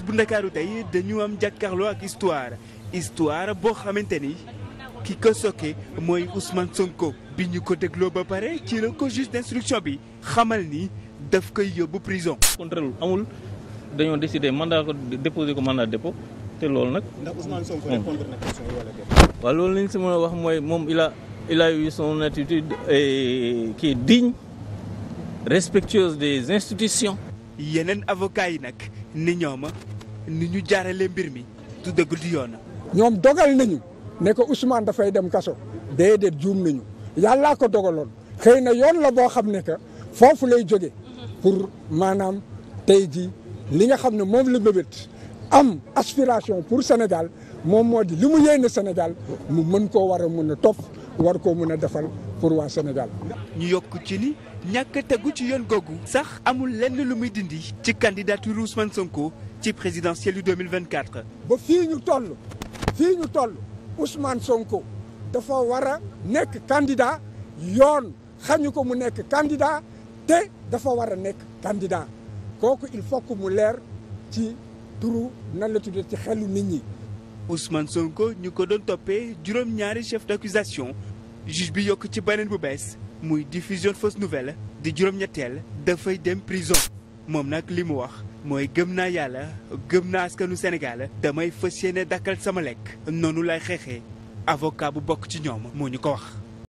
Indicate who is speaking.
Speaker 1: bés bu ndakaaru tey dañu am jàkkaarloo ak histoire histoire boo xamante ni ki ko sokke mooy Ousmane Sonko bi ñu ko dégloo ba pare ci la ko juge
Speaker 2: d'instruction bi xamal nii daf koy yóbbu prison. contrôle amul dañoo décider mandat ko déposer ko mandat dépôt te loolu nag.
Speaker 3: ndax Ousmane Sonko hmm. répondre na question
Speaker 2: loolu lañ si mën a wax mooy moom i a il a eu son attitude euh, qui est digne respectueuse des institutions. yeneen avocats yi nag. ni
Speaker 1: ñooma ni ñu jaarale mbir mi du dëgg du yoon.
Speaker 4: ñoom dogal nañu ne ko Ousmane dafay dem kaso déedéet juum nañu yàllaa ko dogaloon xëy na yoon la boo xam ne que foofu lay jóge pour maanaam tey ji li nga xam ne moom la mébét am aspiration pour Sénégal moom moo di li mu yéene Sénégal mu mën koo war a mën a topp war koo mën a defal. pour waa Sénégal. ñu yokk ci ni
Speaker 1: ñàkk tegu ci yoon googu. sax amul lenn lu muy dindi. ci candidature Ousmane Sonko ci présidentielle yu 2024.
Speaker 4: ba fii ñu toll fii ñu toll Ousmane Sonko dafa war a nekk candidat yoon xañu ko mu nekk candidat te dafa war a nekk candidat kooku il faut que mu leer ci turu nan la tuddee ci xelu nit ñi. Ousmane Sonko ñu ko doon toppee
Speaker 1: juróom-ñaari chef d' juge bi yokk ci beneen bu bees muy diffusion fausse nouvelle di juróom-ñetteel dafay dem prison moom nag li mu wax mooy gëm naa yàlla gëm naa askanu Sénégal damay fës yéene dakkal sama lekk noonu lay xeexee avocat bu bokk ci ñoom moo ñu ko wax.